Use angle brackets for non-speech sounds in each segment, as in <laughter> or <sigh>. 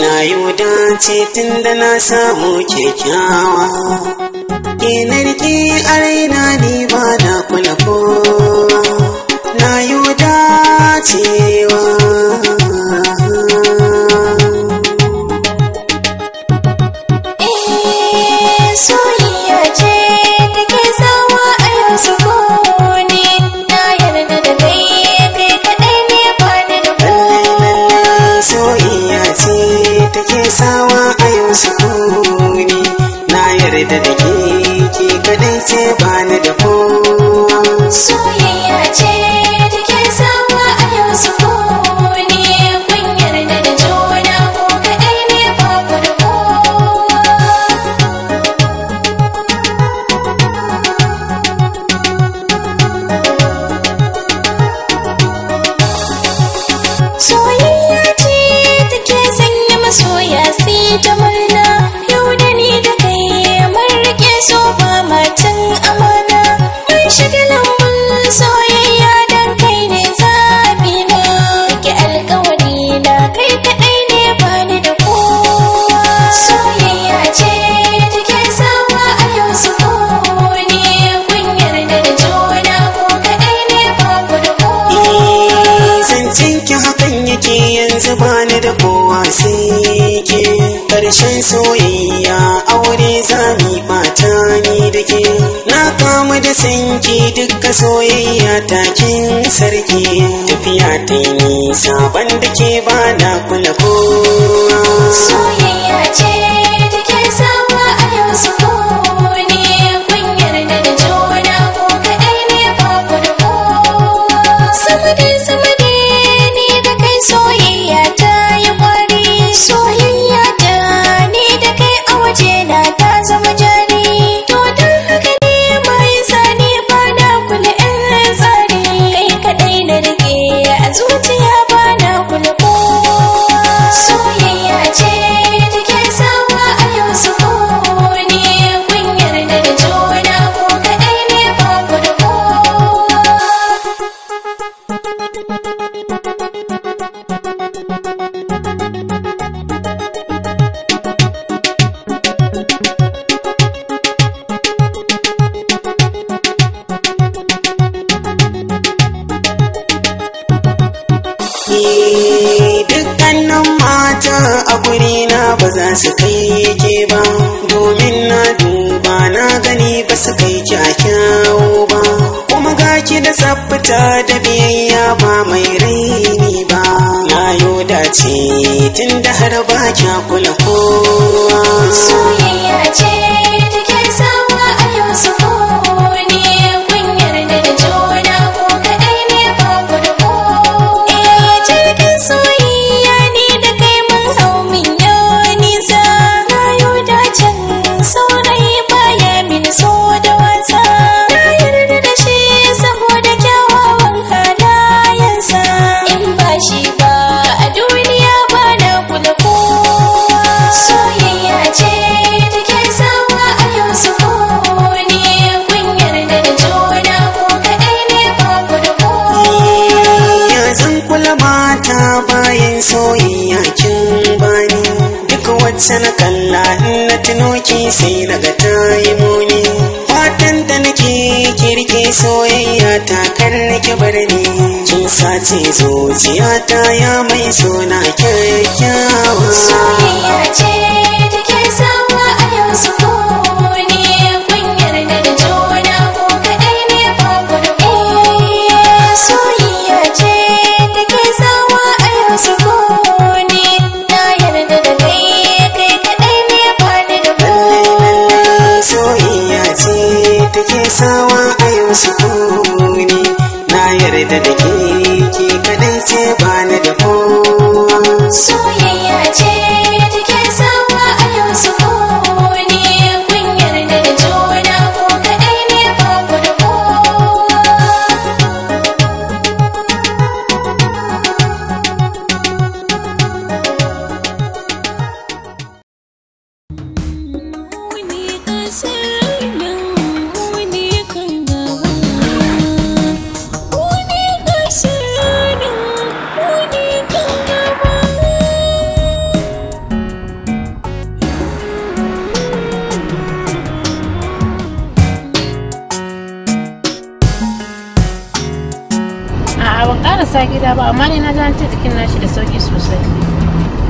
na yi dace tun da na samu kyakkyawa kenar ki a raina ni ba na kula ko na yi dace 结果。ka mu da sanki duka soyayya takin sarki tafiya ta yi nisa ban da ke ba na kula ko soyayya ce sai daga ta yi muni fatan da nake kirki soyayya ta kan nake bar ni kin sace zuciyata ya mai suna kyakkyawa de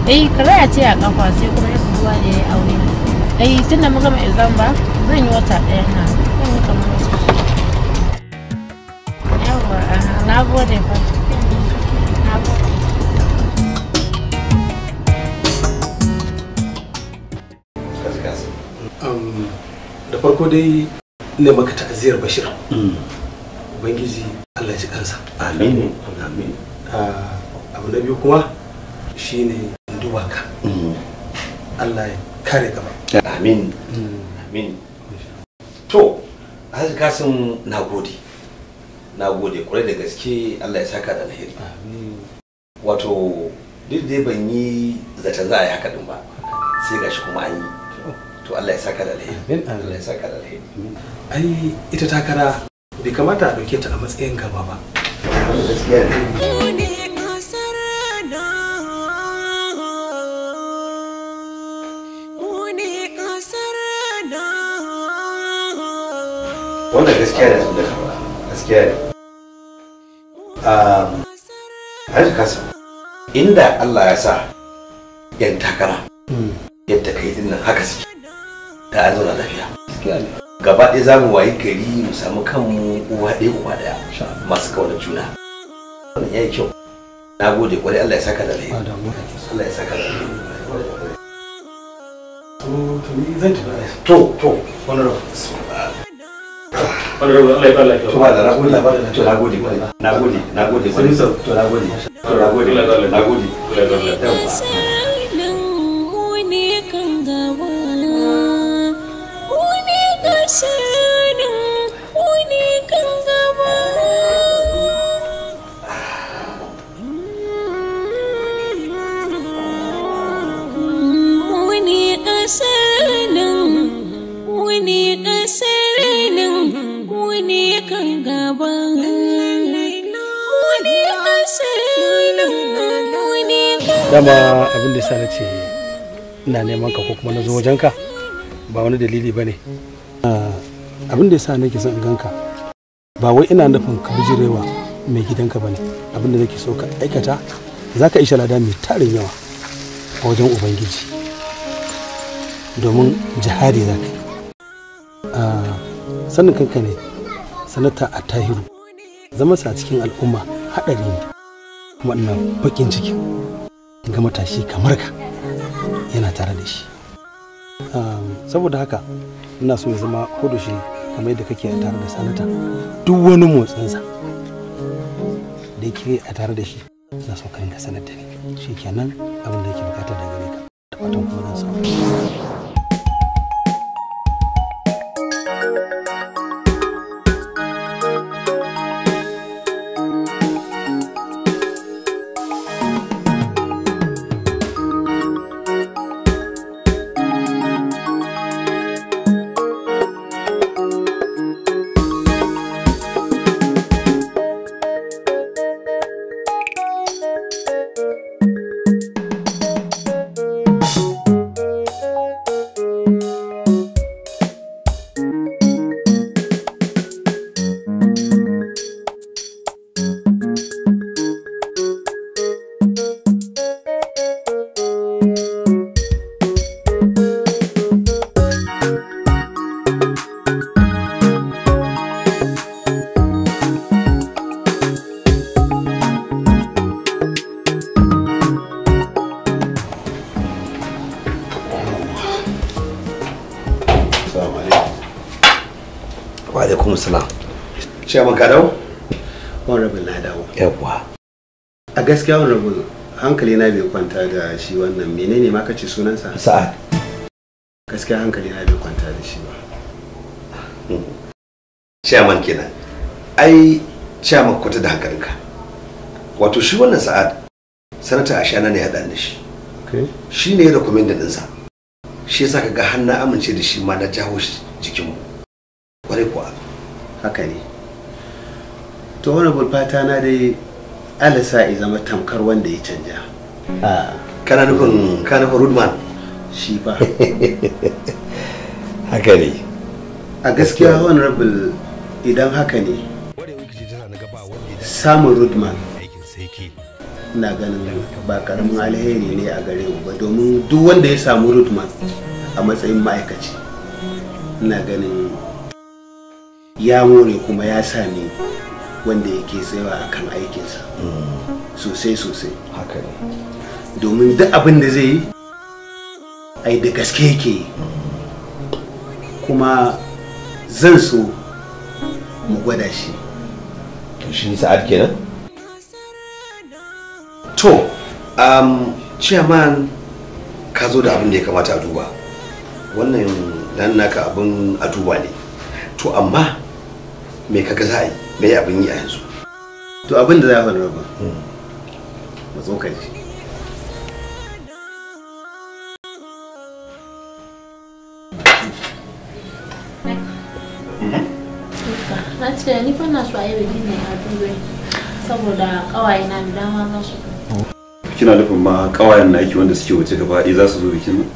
eh kaza ya ce a kafa sai kuma ya kuwa da ya aure eh tunda mun gama exam ba zan yi wata ɗaya na zan kamar yawa na gode fa na da farko dai ne maka ta'aziyar bashir mm. ubangiji allah ji kansa amin ah, abu na biyu kuma shine addu'a mm. Allah ya kare gaba amin amin to Alhaji kasin na gode na gode kwarai da gaske Allah ya saka da alheri wato duk dai ban yi zaton za a yi haka din ba sai gashi kuma an yi to Allah ya saka da alheri Allah ya saka da alheri ai ita takara bai kamata a dauke ta a matsayin gaba ba gaskiya ne wannan gaskiya ne abin da ka inda Allah ya sa yan takara yadda kai din nan haka suke da zauna lafiya gaba ɗaya za mu wayi gari mu kanmu uwa ɗaya uwa ɗaya masu kaunar juna wannan ya yi kyau na gode kwarai Allah ya saka da da rai wani rabu Allah ya Allah ya ba da rabu Allah ba da to na gode na gode na gode to to na gode na dama abin da sa na ce ina neman ka ko kuma na zo wajen ba wani dalili ba ne ah, abin da yasa nake son ganka ba wai ina nufin ka bijirewa mai gidanka ba ne abin da nake so ka aikata za ka isha lada mai tarin yawa a wajen ubangiji domin jihadi za ka yi ah, sannin kanka ne sanata a tahiru zama sa cikin al'umma haɗari ne kuma ina bakin ciki. ga matashi kamar ka yana tare da shi saboda haka ina so ya zama kodashi kamar yadda kake a tare da sanata duk wani motsinsa da ke a tare da shi ina so ka rinka sanar da ni shi kenan abin da yake bukata daga ni ka da fatan kuma zan samu gaskiya wani rabu hankali na bai kwanta da shi wannan menene ma kace sunansa sa'ad gaskiya hankali na bai kwanta da shi ba hmm. chairman kenan ai chairman kwata da hankalinka wato shi wannan sa'ad sanata ashana ne ya haɗa da shi shi ne ya din sa shi yasa kaga har na amince da shi ma na jawo shi jikinmu kwarai kuwa haka ne to honorable fata na dai alisa ya zama tamkar wanda ya canja kana nufin kana nufin rudman shi ba <laughs> haka ne a gaskiya honorable idan haka ne samun rudman na ganin ba karamin alheri ne a gare ba domin duk wanda ya samu rudman a matsayin ma'aikaci na ganin ya more kuma ya sami wanda yake tsayawa a kan aikinsa sosai sosai haka ne domin duk abin da zai yi ai da gaske yake yi kuma zan so mu gwada shi shi sa'ad kenan to um, chairman ka zo da abin da ya kamata a duba wannan nan naka abin a duba ne to amma me kaga za a yi me abin yi a yanzu to abin da za a faru ba zo ka ji na na a a kawaye za su kina nufin ma kawayen na aiki wanda suke waje gaba ɗaya za su zo bikin nan?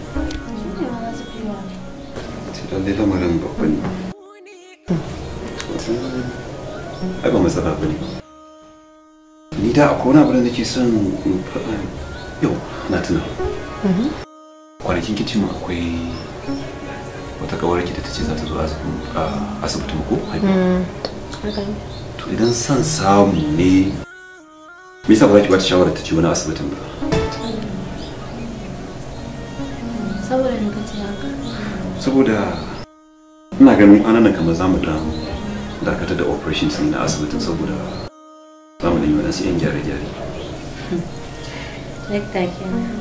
Sai lamarin babban ne. ai ba matsala ba ni da akwai wani abu da nake son in faɗa yau na tuna mhm. kwanakin kicin akwai wata kawar ki da ta ce za ta zo asibitin ko mm. to idan son samu ne me yasa ba za ki ba ta shawarar ta ce wani asibitin ba saboda ina ganin ananan kamar za mu dan dakatar da operation sun na asibitin saboda ba mu da yi wadansu yan gyare-gyare. Lekta kenan.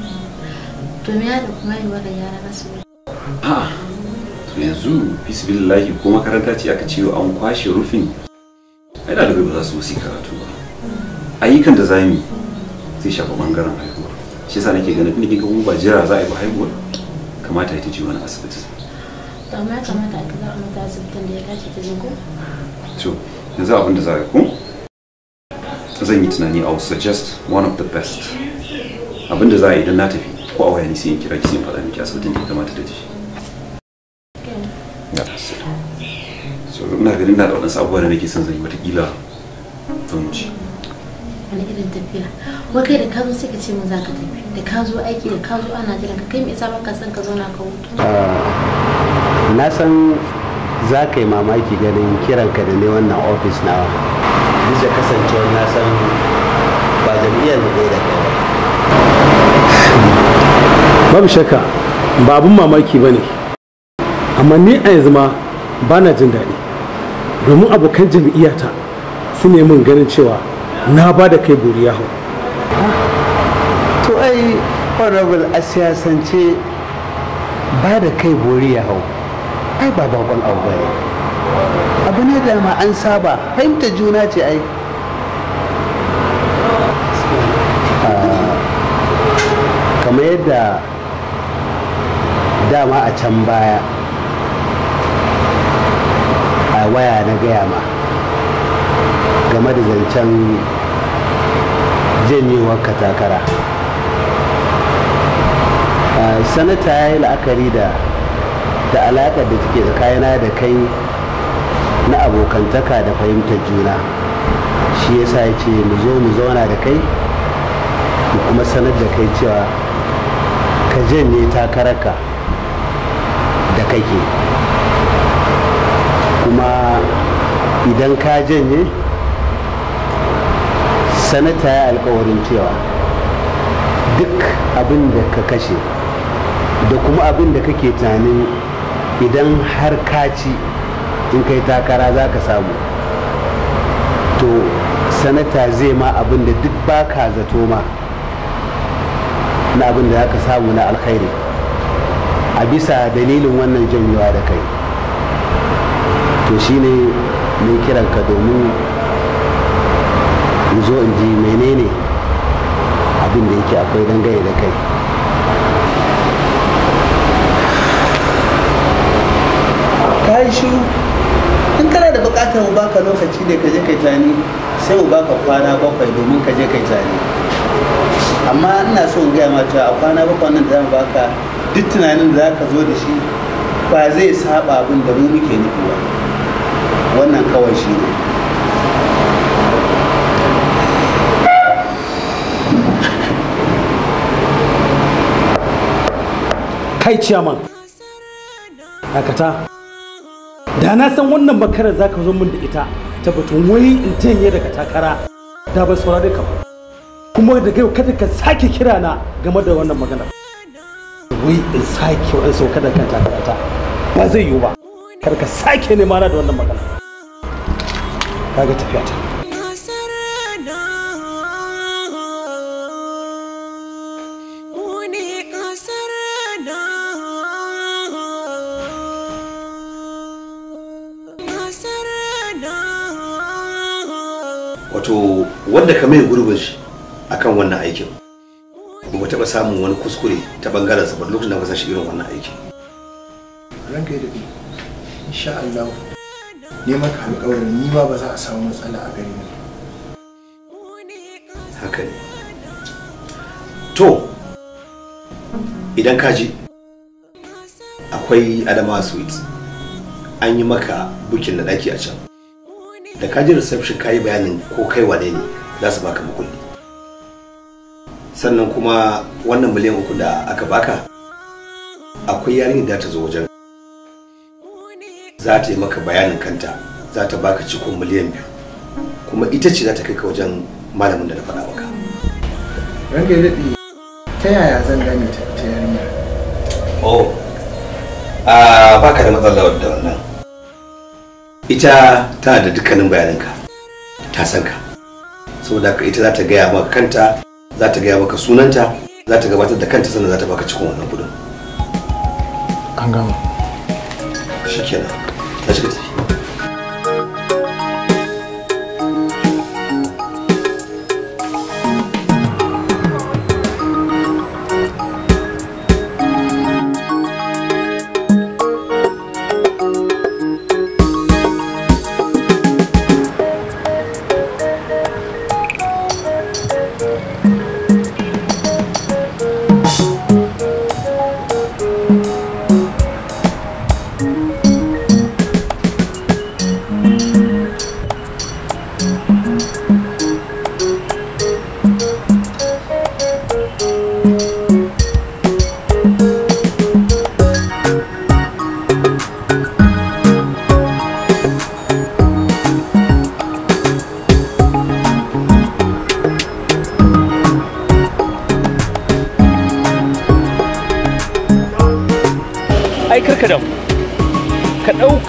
To me da kuma yi asibiti? A'a, to yanzu bisbillahi ko makaranta ce aka ce an kwashe rufin ai da ba za su wasi karatu ba ayyukan da za mu zai shafa ɓangaren haihuwa. shi yasa nake ganin inda kika ba jira za a yi ba haihuwa. kamata ya ta ji wani asibiti amma ya kamata a kaza mata asibitin da ya dace ta jinko to yanzu abin da za ku zan yi tunani i will suggest one of the best abin da za a idan na tafi ko a wayani sai in kira ki sai in faɗa miki asibitin da ya kamata da ji so ina ganin na da waɗansu abubuwa da nake son zan yi watakila don mu ci wani irin tafiya wai kai da ka zo sai ka ce mun za ka tafi da ka zo aiki da ka zo ana jiran ka kai me sabon ka son ka zauna ka hutu ah, na san za ka yi mamaki ganin kiranka da ne wannan ofis nawa duk da kasancewar na san ba jam'iyyar mu da Ba babu shakka ba abin mamaki ba ne amma ni a yanzu ma ba na jin daɗi domin abokan jam'iyyata su ne mun ganin cewa na ba da kai buri hau to ai honorable a siyasance ba da kai buri hau ai ba babban abu ba ne abu ne da ma an saba fahimta juna ce ai ah, kamar yadda dama a can baya a waya na gaya ma game da zancen janyewar katakara ah, sanata ya yi la'akari da da alaƙa da take tsakanina da kai na abokantaka da fahimtar juna shi yasa ya ce mu zo mu zauna da kai mu kuma sanar da kai cewa ka janye takararka da kake kuma idan ka janye sanata ya alkawarin cewa duk abin da ka kashe da kuma abin da kake tunanin idan har ka ci in kai takara za ka samu to sanata zai ma abin da duk ka zato ma na abin da za ka samu na alkhairi a bisa dalilin wannan janyowa da kai to shine mun kiranka domin in zo in ji menene abin da yake akwai dangane da kai ka shiru in kana da bukatar mu baka lokaci da ka je kai tani sai mu baka kwana bakwai domin ka je kai tani amma ina so in gaya mata a kwana bakwai nan da zan baka duk tunanin da zaka zo da shi ba zai saba abin da mu muke nufi ba wannan kawai shi ne kai ciyaman dakata da na san wannan makarar za ka zo min da ita tabbatun batun wai in ne daga takara da ban saurare ka ba kuma daga yau kada ka sake kira na game da wannan magana wai in sake wani sauka da kan takara ta ba zai yiwu ba kar ka sake nema na da wannan magana kaga tafiya ta wanda ka mai gurbin shi akan wannan aikin ba taɓa samun wani kuskure ta bangaren sa ba lokacin da ka shi irin wannan aikin ranka ya daɗe insha Allah ne ka alƙawarin ni ma ba za a samu matsala a gare ni haka ne to idan ka ji akwai adama sweet an yi maka bukin da ɗaki a can da ka reception ka yi bayanin ko kai wane ne za su baka makulli sannan kuma wannan miliyan uku da aka baka akwai yarinyar da ta zo wajen za ta yi maka bayanin kanta za ta baka cikon miliyan biyu kuma ita ce za ta kai ka wajen malamin da na faɗa maka ranke daɗi ta yaya zan gane ta yarinya oh a ah, baka da matsala da wannan ita tana da dukkanin bayaninka ta san ka saboda haka ita za ta gaya maka kanta za ta gaya maka sunanta za ta gabatar da kanta sannan za ta baka cikin wannan kudin an gama shikenan ta shiga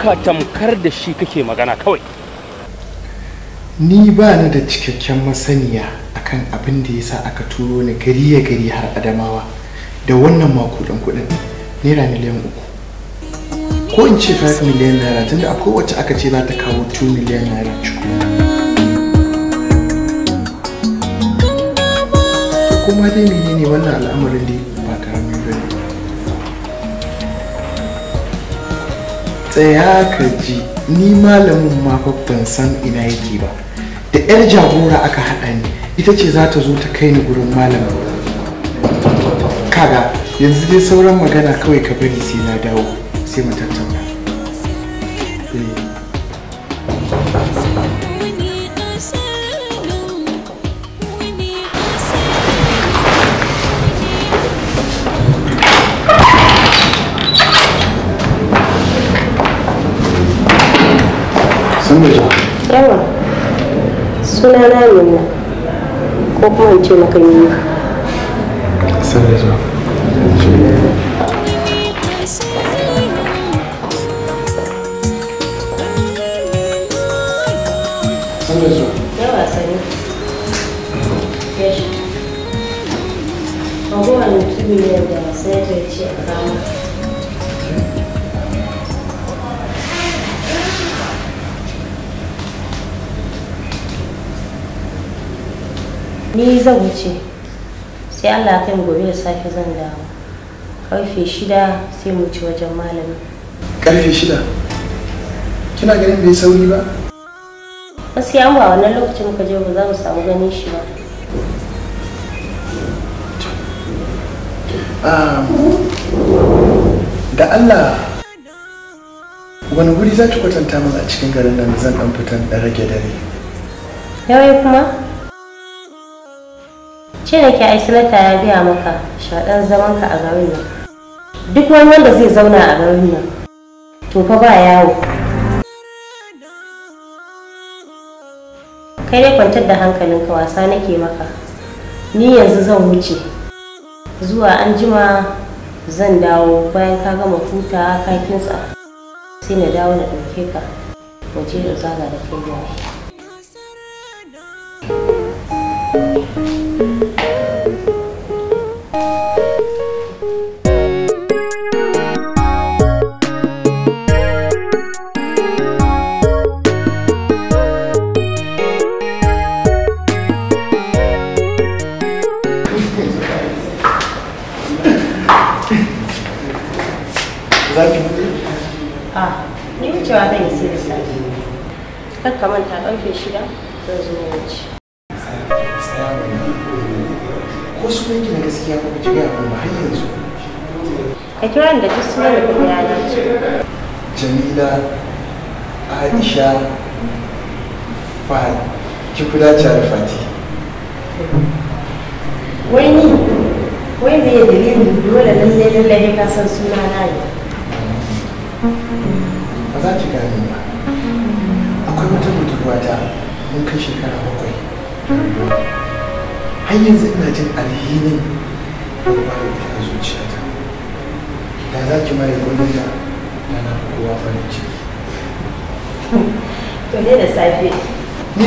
Ka tamkar da shi kake magana kawai ni ba ni da cikakken masaniya akan abin da ya sa aka turo ni gari ya gari har adamawa da wannan makudan kudin naira miliyan uku ko in ce 5 miliyan naira tunda akwai wacce aka ce za ta kawo 2 miliyan naira cikin kuma dai menene wannan al'amarin da tsaya ka ji ni malamin ma ban san ina yake ba da yar jagora aka haɗa ni ita ce za ta zo ta kai ni gurin malamin kaga yanzu dai sauran magana kawai ka bari sai na dawo sai mu tattauna suna na minna ko kuma in ce maka yi Yes. Abubuwan mutum ne da sai ta ce a kama. ni zan wuce sai allah kai mu gobe da safe zan dawo karfe shida sai mu ci wajen malami karfe shida kina ganin bai sauri ba gaskiya ba wannan lokacin muka je ba za mu samu ganin shi ba da allah wani wuri za ki kwatanta mana a cikin garin nan zan dan fitan dan rage dare yawai kuma ce da ke aisilata ya biya maka zaman zamanka a garin nan duk wani wanda zai zauna a garin nan to fa ba yawo kai dai kwantar da hankalinka wasa nake maka ni yanzu zan wuce zuwa an jima zan dawo bayan ka gama huta ka kinsa sai na dawo na ɗauke ka waje da zaga da kai yau za ki mutu ah, a ni wucewa zan yi sai da safe kar ka manta karfe shida zan zo na wuce ko sunan ki na gaskiya ko ku ci gaya ba har yanzu ka kira ni da duk sunan da kuma ya dace jamila aisha fahad ki kuda da fati wai ni wai me dalilin dole lallai lallai ka san suna na ne za ki gane ba akwai wata budurwata mun kai shekara bakwai har yanzu ina jin alhinin da ta a ta da za ki mara gwanin da da na kowa farin ciki to ne da safe ne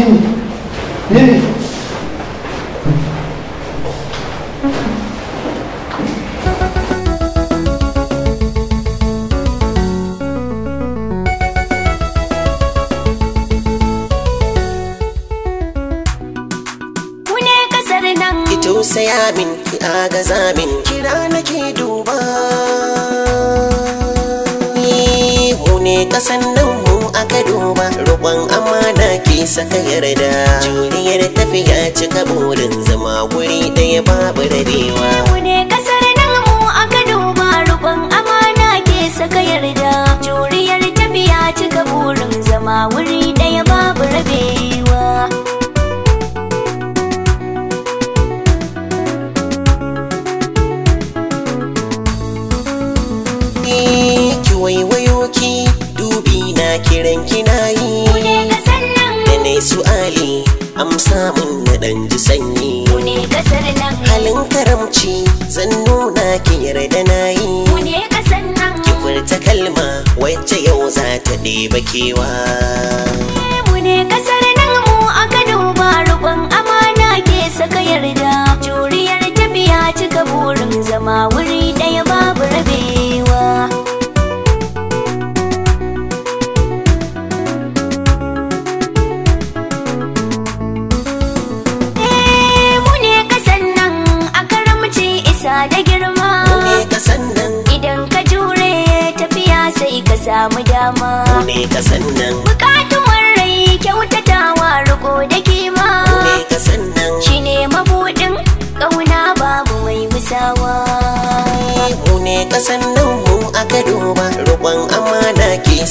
ne ne ga zamin kira nake duba mu ne kasan nan mu aka duba roƙon amana ke saka yarda juriyar tafiya cika burin zama wuri daya babu rabewa mu ne kasar nan mu aka duba roƙon amana ke saka yarda juriyar tafiya cika burin zama wuri daya babu rabewa bakewa.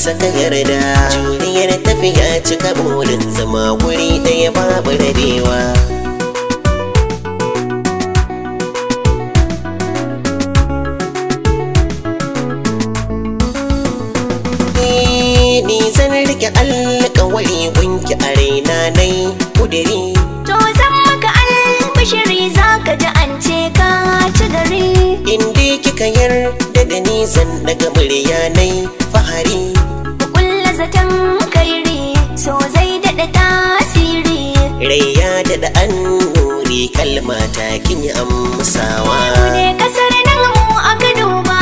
saka yarda juriyar tafiya cika burin zama guri ɗaya babu rabewa ni zan rike alƙawari gunki a raina nai kudiri to zan maka albishiri za ka ji an ce ka ci gari inda kika yarda da ni zan daga murya nai fahari da an nuri kalma ta kin yi amsawa ne kasar nan mu a gado ba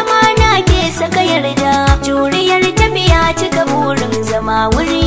amana ke saka yarda juriyar tafiya cika burin zama wuri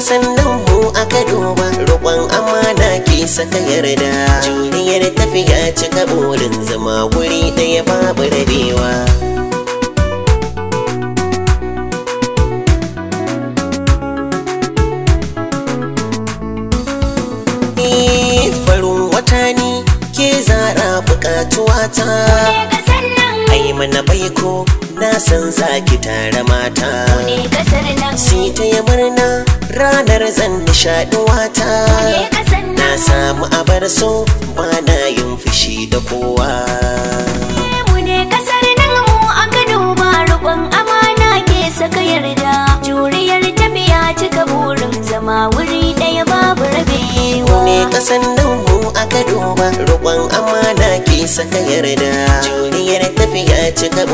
sannan mu aka duba roƙon amana ke saka yarda juriyar tafiya cika burin zama guri ɗaya babu rabewa eh, farin wata ke zara buƙatuwa ai mana baiko san zaki tare mata ne kasar nan sai ta yi murna ranar zan nishaɗi wata na samu abar so ba na yin fushi da kowa eh, mu ne kasar nan mu a gado ba roƙon amana ke saka yarda juriyar tafiya cika burin zama wuri ɗaya babu rabewa mu ne kasar nan mu a gado ba roƙon amana ke saka yarda juriyar tafi cika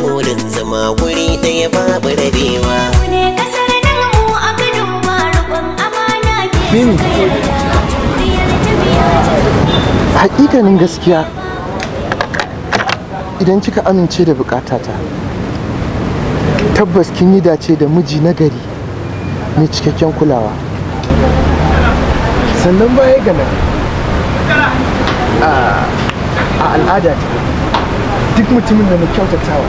zama guri ɗaya babu rabewa. Hakikanin gaskiya idan kika amince da bukatata tabbas kin yi dace da miji na gari mai cikakken kulawa sannan baya gana a al'ada ta. duk mutumin da na kyautatawa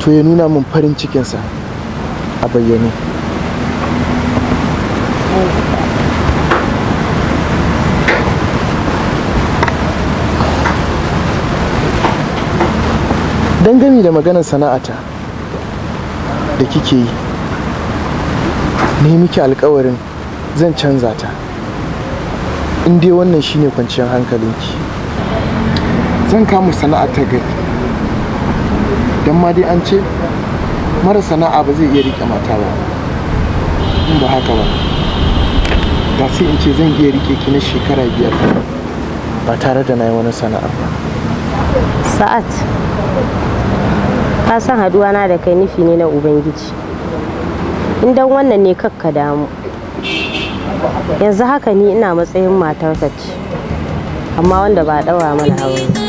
to ya nuna min farin cikinsa a bayyane dangane da maganar sana'ata da kike yi ne miki alkawarin zan canza ta in dai wannan shine kwanciyar hankalinki zan kama sana'a ta gari don ma dai an ce mara sana'a ba zai iya rike mata ba in ba haka ba da sai in ce zan iya rike ki na shekara biyar ba tare da na yi wani sana'a ba sa'at ka san haduwa na da kai nufi ne na ubangiji in dan wannan ne kakka damu yanzu haka ni ina matsayin ka ce amma wanda ba dawa mana aure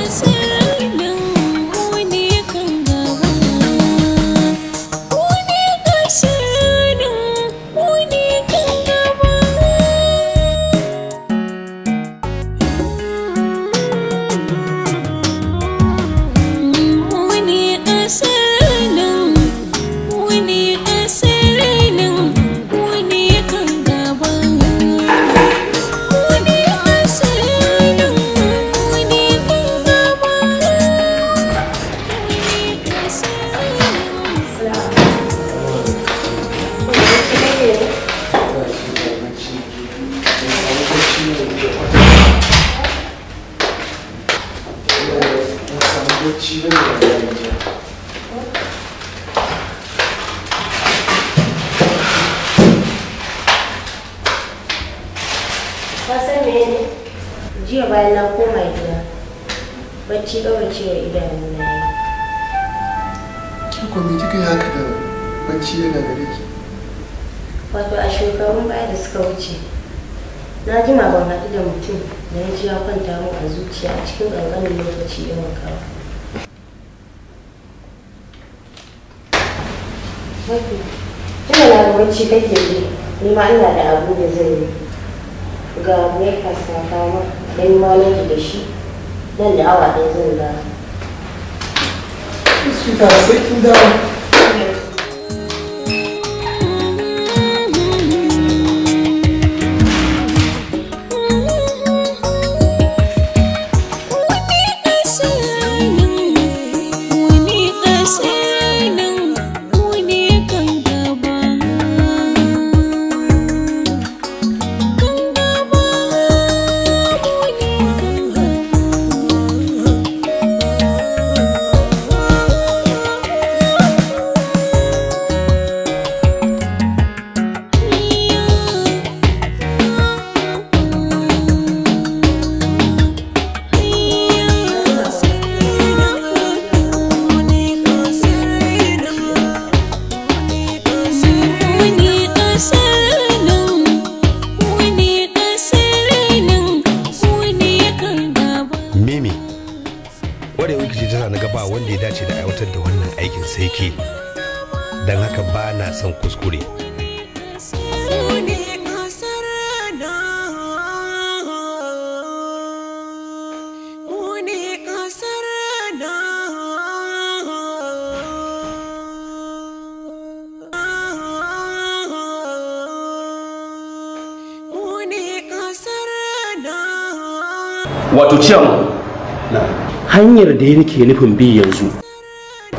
ya nake nufin bi yanzu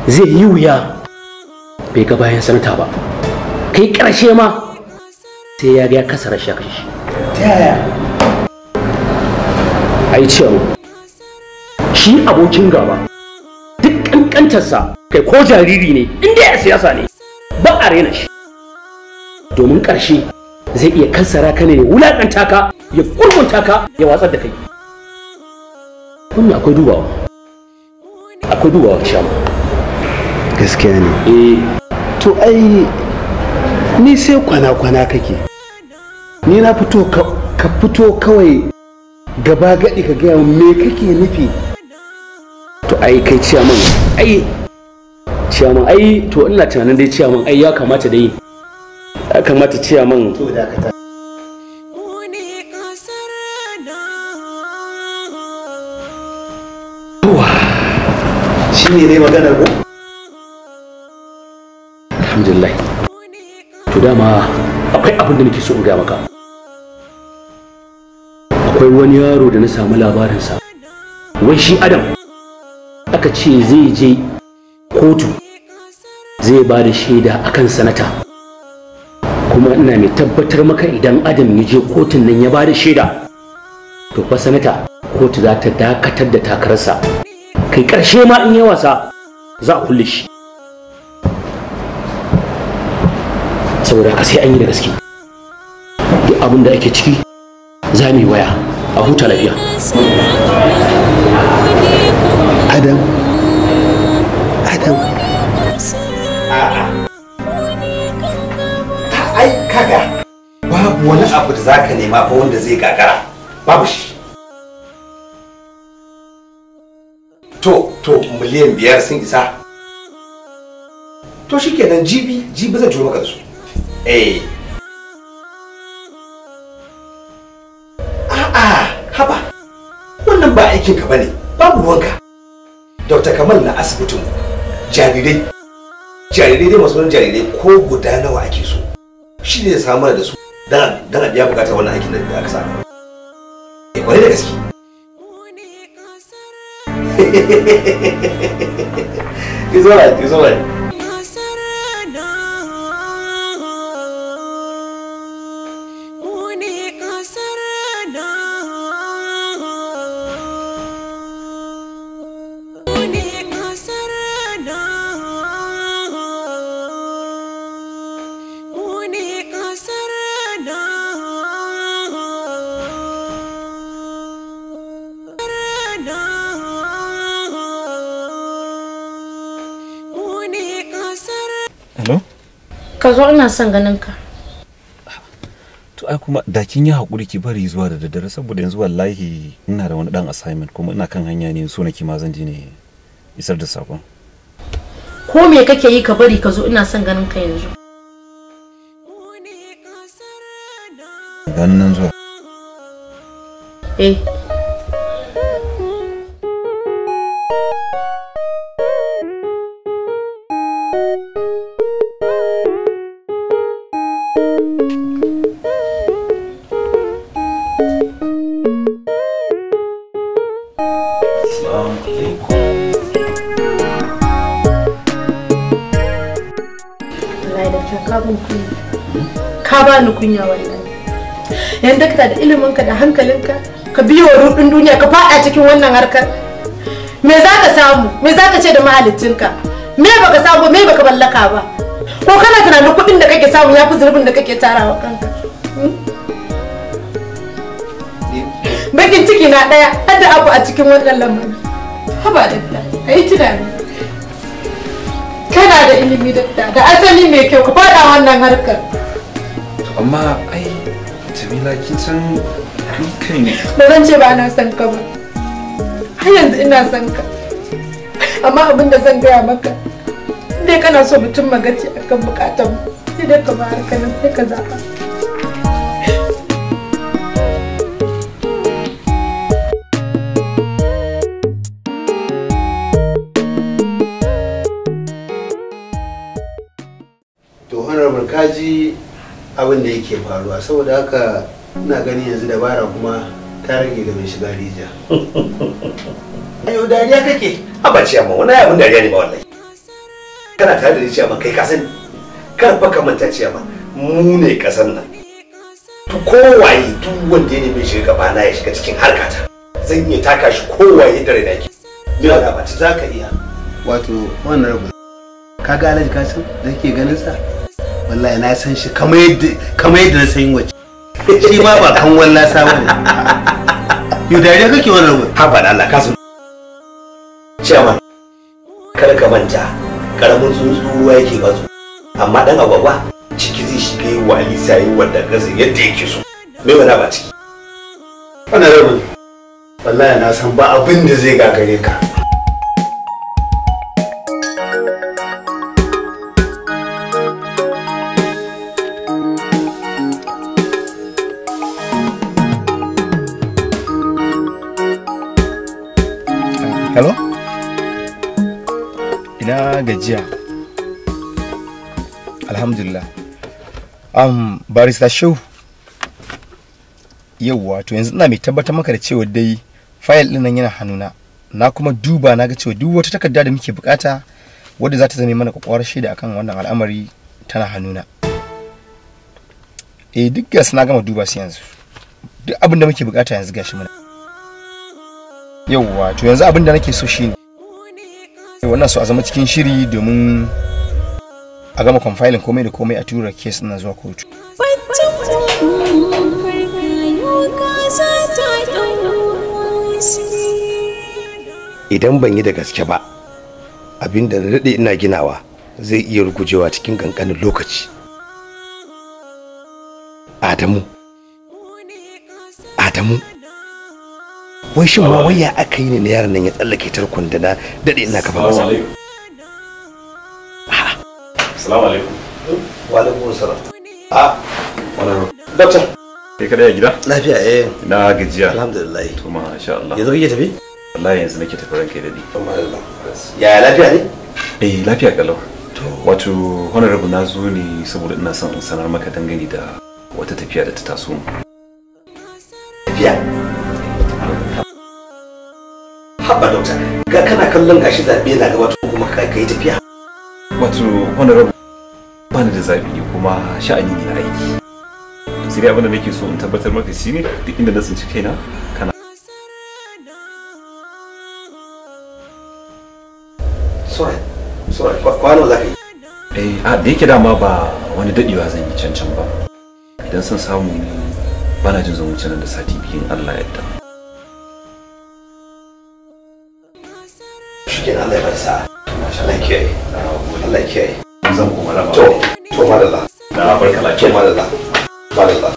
zai yi wuya bai ga bayan sanata ba kai ƙarshe ma sai ya ga ya kasa shi yaya ai cewa shi abokin gaba duk ƙanƙantarsa kai ko jariri ne inda ya siyasa ne ba a rena shi domin ƙarshe zai iya kassara ka ne ya wulaƙanta ka ya kurkunta ya watsar da kai kun akwai dubawa akwai a sha gaskiya ne eh to ai ni sai kwana-kwana kake ni na fito ka fito kawai gaba gadi ka gaya me kake nufi to ai kai ciyaman ai ciyaman ai to ina tunanin dai ciyaman ai ya kamata dai ya kamata ciyaman to dakata shi ne maganar ku alhamdulillah to dama akwai abin da nake so in maka akwai wani yaro da na samu labarinsa wai shi adam aka ce zai je kotu zai ba da shaida akan sanata kuma ina mai tabbatar maka idan adam ya je kotun nan ya ba da shaida to fa sanata kotu za ta dakatar da takararsa kai ƙarshe ma in yi wasa za a kulle shi saboda ka sai an yi da gaske duk abin da ake ciki za mu yi waya a huta lafiya adam adam ai kaga babu wani abu da zaka nema ko wanda zai gagara babu shi to to miliyan biyar sun isa to shi kenan jibi jibi zai turo maka da su eh a'a haba wannan ba aikin ka bane babu wanka. Dr. Kamal na asibitin jarirai jarirai dai masu jarirai ko guda nawa ake so shi ne samar da su dan a biya bukatar wannan aikin da aka sa. kwarai eh, da gaske. it's alright, it's alright. Ka zo ina son ganin ka. To ai kuma da kin yi hakuri ki bari zuwa da daddare saboda yanzu wallahi ina da wani dan assignment kuma ina kan hanya ne so nake ma zan je ne isar da sakon. Ko me kake yi ka bari ka zo ina son ganin ka yanzu. Ganin zuwa. Eh, kunya wannan yanda ka da iliminka da hankalinka ka biyo rudin duniya ka fada cikin wannan harkar me za ka samu me za ka ce da mahalicinka me baka samu me baka ballaka ba ko kana tunanin kuɗin da kake samu ya fi zurbin da kake tarawa kanka hmm? bakin ciki na ɗaya har da abu a cikin wannan lamarin haba da a yi tunani kana da ilimi da da asali mai kyau ka faɗa wannan harkar amma ai jamila kin san kai ne ba zan ce ba na san ka ba har yanzu ina san ka amma abin da zan gaya maka dai kana so mutum magaci akan bukatan sai dai ka ba ka nan sai ka zaba abin da yake faruwa saboda haka ina gani yanzu dabara kuma ta rage ga mai shiga rijiya <laughs> ayo dariya kake bace ciyama wani abin dariya ne ba wallahi kana tare da ciyama kai ka sani kar fa ka manta ciyama mu ne kasan nan to kowaye duk wanda ya nemi shiga gaba na ya shiga cikin harkata zan iya taka shi kowaye da rina ke ya da ba za ka iya wato wannan rubu ka ga alaji kasan da ke ganin sa wallahi na san shi kamar yadda na san wace shi ma ba kan walla samu ne yau dariya kake wani rubu ha ba Allah kasu cewa kar ka manta karamin tsuntsu ruwa yake ba su amma dan agwagwa ciki zai shiga yi wa alisa wanda gasa yadda yake so me wani ba ciki wannan rubu wallahi na san ba abin da zai gagare ka jiya alhamdulillah um, barista shehu yauwa to yanzu ina mai tabbatar maka da cewa dai fayil ɗin nan yana hannuna na kuma duba na ga cewa duk wata takarda da muke bukata wadda za ta zama mana kwakwar shaida akan wannan al'amari tana hannuna eh duk gas na gama duba su yanzu duk abin da muke bukata yanzu gashi mana yauwa to yanzu abin da nake so shine wannan su a zama cikin shiri domin a gama kwamfailin komai da komai a tura kes na zuwa kotu idan ban yi da gaske ba abinda na daɗe ina ginawa zai iya rugujewa cikin ƙanƙanin lokaci adamu adamu wai shin ma waya aka yi ne na yaran nan ya tsallake tarkon da na dade ina kafa masa assalamu alaikum wa alaikum assalam a ah. wannan doctor kai kada ya gida lafiya eh na gajiya alhamdulillah to ma insha Allah yanzu kike tafi wallahi yanzu nake tafi ranka dadi ya lafiya ne eh lafiya kalau wato honorable na zo ne saboda ina son sanar maka dangane da wata tafiya da ta taso tafiya haba dauta ga kana kallon gashi zaɓe na ga wato kuma ka tafiya wato honorable ba ni da zaɓi kuma sha'ani ne na aiki sai dai abinda nake so in tabbatar maka ne duk inda na tsinci kaina kana sorry sorry kwano za ka yi eh a da yake dama ba wani dadewa zan yi cancan ba idan san samu ne bana jin zan wuce nan da sati in Allah ya yarda cikin Allah ya Allah kiyaye Allah kiyaye zan kuma raba to to madalla na barka madalla madalla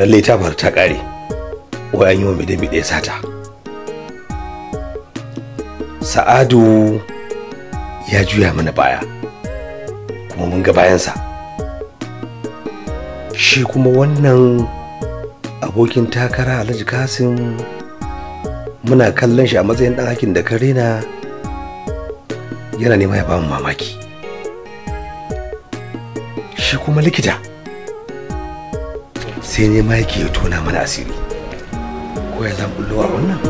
lallai ta faru ta ƙare yi sa'adu ya juya mana baya kuma mun ga bayansa shi kuma wannan abokin takara alhaji kasim muna kallon shi a matsayin ɗan hakin da Karina yana nema ya bamu mamaki shi kuma likita sai nema yake ya tona mana asiri ko ya zan bullo a wannan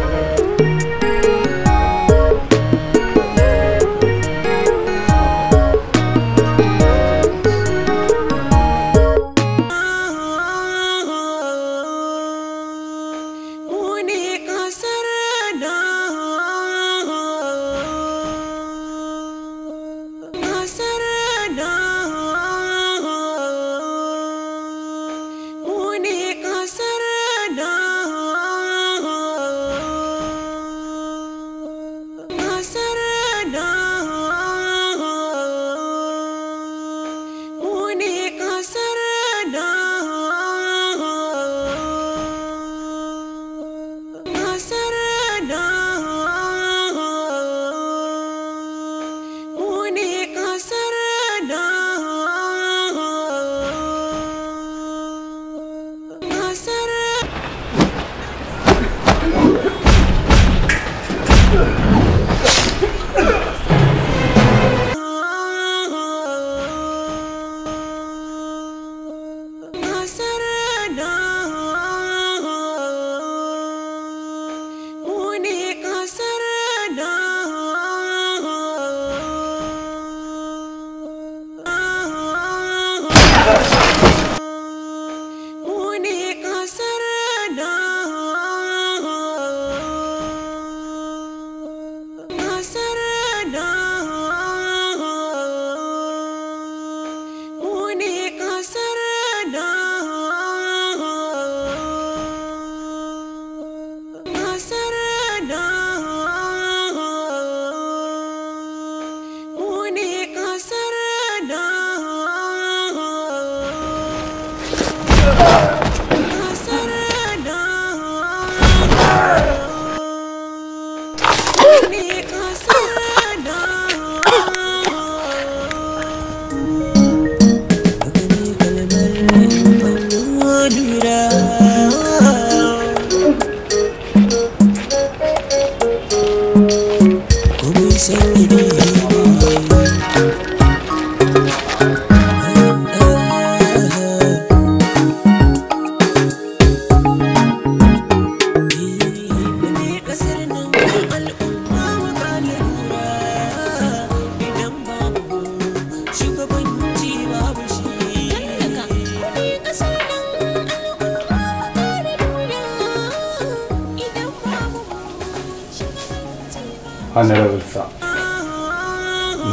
honorable sa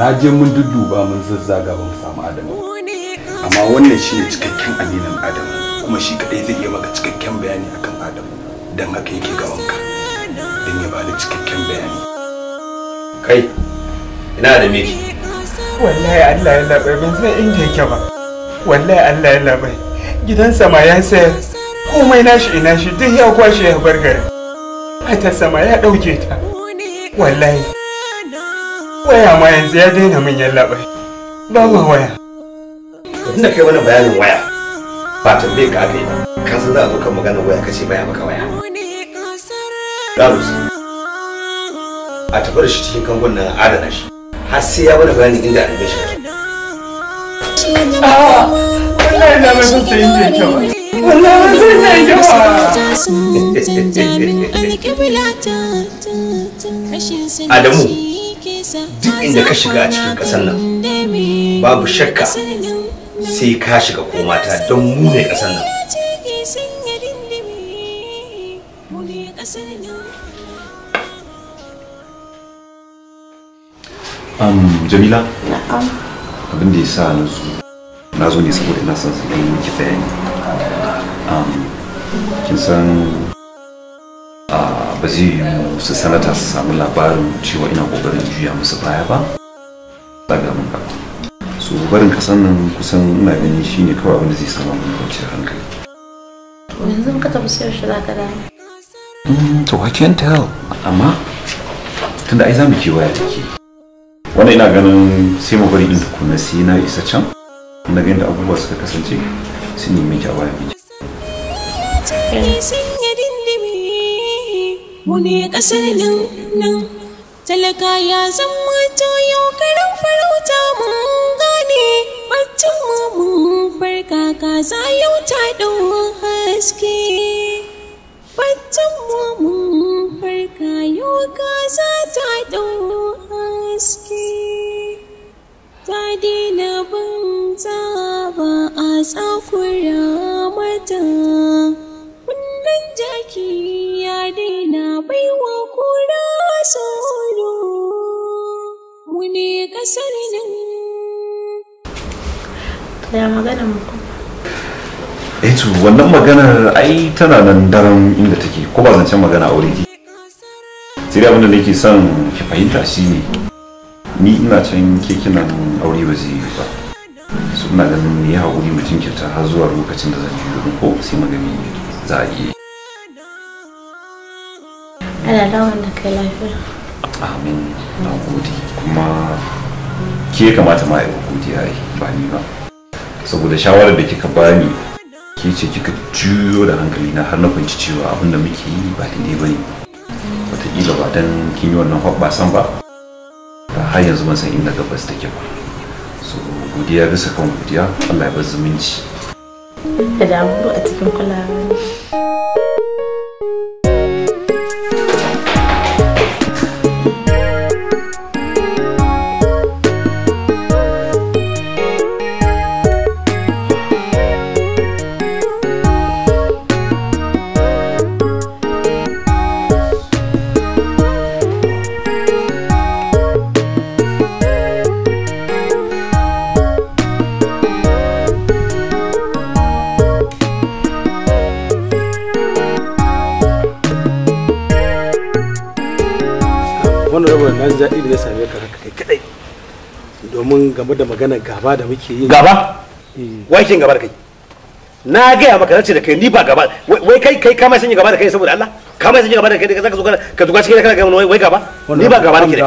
na je mun dudduba mun zazzaga mun samu adamu amma wannan shi ne cikakken aminin adamu kuma shi kadai zai iya maka cikakken bayani akan adamu don haka yake wanka don ya bada cikakken bayani kai ina da miki wallahi Allah ya labai ban san inda yake ba wallahi Allah ya labai Gidan sama ya saya. komai nashi ina shi duk ya kwashe ya bar gari ta sama ya ɗauke ta wallahi waya ma yanzu ya daina min yallaɓai ba ma waya inda kai wani bayanin waya ba tambaye ka aka yi ba ka san za a zo kan maganar waya kace baya maka waya Darus a tafi da shi cikin kangon nan adana shi har sai ya bada bayanin inda an shi. Ah, wallahi na mai son inda da kyau. <laughs> Adamu duk inda ka shiga a cikin ƙasar nan babu shakka sai ka shiga komata don mu ne ƙasar nan Um, Jamila? Na'am. Abin da ya sa na zo. Na zo ne saboda na san sai yi bayani. Um, kin san uh, ba zai yi su sanata su samu labarin cewa ina kokarin juya musu baya ba daga mun gaba so barin kasan nan kusan ina ganin shine kawai abin da zai sama mun kwanciyar hankali to yanzu ka tafi sai shi zaka da hmm, to I can't tell amma tunda ai zamu kewaya take wannan ina ganin sai mu bari in kuna sai na isa can na ga yadda abubuwa suka kasance sun yi miki a waya miki jini sanya dindimi mu ne kasar nan nan talaka ya zan mato yau karan farauta mun gane baccin mu mun farka kaza yau ta dau haske baccin mu mun farka yau kaza ta dau haske ta dina banza ba a tsakura mata Kukan jaki ya daina baiwa kura tsoro, mu ne nan. Ya magana muku. Eh to wannan maganar ai tana nan daren inda take, ko ba zancen magana aure ji. Sai abin da nake son ki fahimta shi ne, ni ina can ke kina aure ba zai ba ba. Suna ganin ya haƙuri mutum kyauta har zuwa lokacin da zan yi ko sai magani za a iya ana dawon wanda kai lafiya amin na gode kuma ke kamata ma yau godiya yi ba ni ba saboda shawarar da kika bani ke ce kika juyo da hankali na har na fahimci cewa abin da muke yi ba daidai ba ne wataƙila ba don kin yi wannan hoɓɓasan ba ba har yanzu ban san inda gabas take ba so godiya bisa kan godiya allah ya bar zumunci da damu a cikin kulawa daɗi da ya same ka haka kai kadai domin game da magana gaba da muke yi gaba eh. wakin gabar kai na gaya maka nace da kai ni ba gaba wai kai kai ka sanya gaba da kai saboda Allah ka sanya gaba da kai da zaka zo ka tuga cikin kana gaba wai gaba ni ba gaba da kai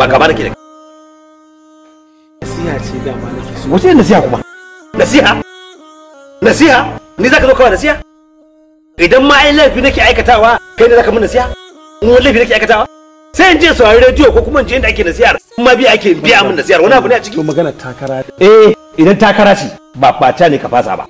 ba gaba da kai siya ce da ma nake so wace kuma nasiha nasiha ni zaka zo kawai nasiha idan ma ai laifi nake aikatawa kai ne zaka mun nasiha in laifi nake aikatawa sai in je saurari rediyo ko kuma in je inda ake nasihar ma biya ake biya min nasihar wani abu ne a ciki magana takara eh idan takara ce ba fata ne ka fasa ba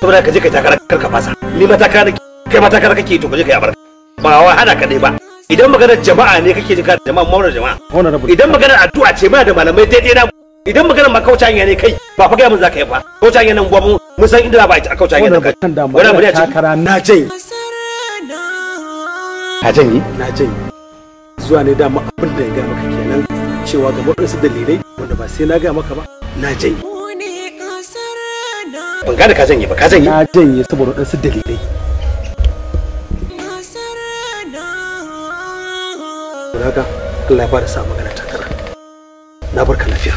saboda ka je ka takara kar ka fasa ni ma takara nake kai ma takara kake to ka je ka yi abarka ba wa hana ka dai ba idan maganar jama'a ne kake jin ka jama'a maunar jama'a idan maganar addu'a ce mana da malamai daidai na idan maganar ma kauce hanya ne kai ba fa ga mun zaka yi fa kauce hanya nan gwamu mun san inda ba a kauce hanya nan kai wannan ba takara na janye na janye na janye zuwa ne dama abin da ya ga maka kenan cewa ga waɗansu dalilai wanda ba sai na ga maka ba na janye ban gane ka yi ba ka yi. na janye saboda waɗansu dalilai Haka Allah ya da sa magana takara. Na barka lafiya.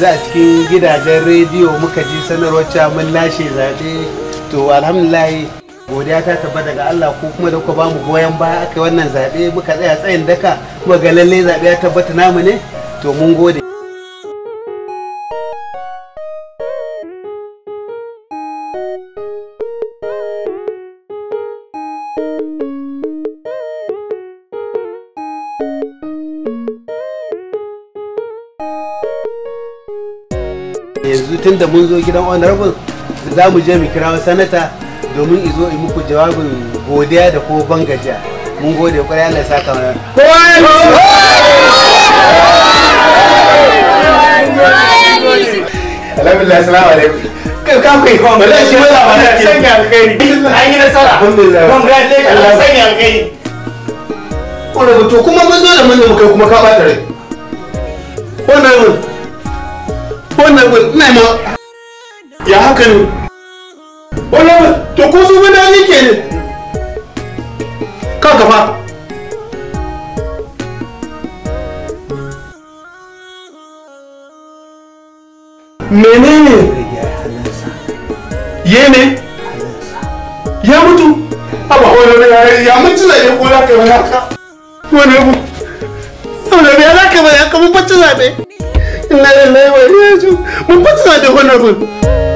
yanzu a cikin gidajen rediyo muka ji sanarwar cewa mun lashe zaɓe to alhamdulahi godiya ta tabbata daga Allah ko kuma da ku ba mu goyon baya aka wannan zaɓe muka tsaya tsayin daka kuma ga lallai zaɓe ya tabbata namu ne to mun gode yanzu tun da mun zo gidan honorable za mu je mu kira sanata domin izo yi muku jawabin godiya da ko ban mun gode kwarai Allah ya saka alhamdulillah assalamu alaikum kan kai kuma Allah shi mala mana sanya alkhairi an yi nasara kuma mun zo da mun da kai kuma ka bata rai wannan wannan gun ina ma ya haka ne wannan to ko su guda ne ke ne kafa menene ye ne ya mutu abu wani ya mutu zai ko za ka wani haka wani abu ya za ka yi bacci zaɓe Inna lillahi wa inna ilaihi raji'un. Mun fata da honorable.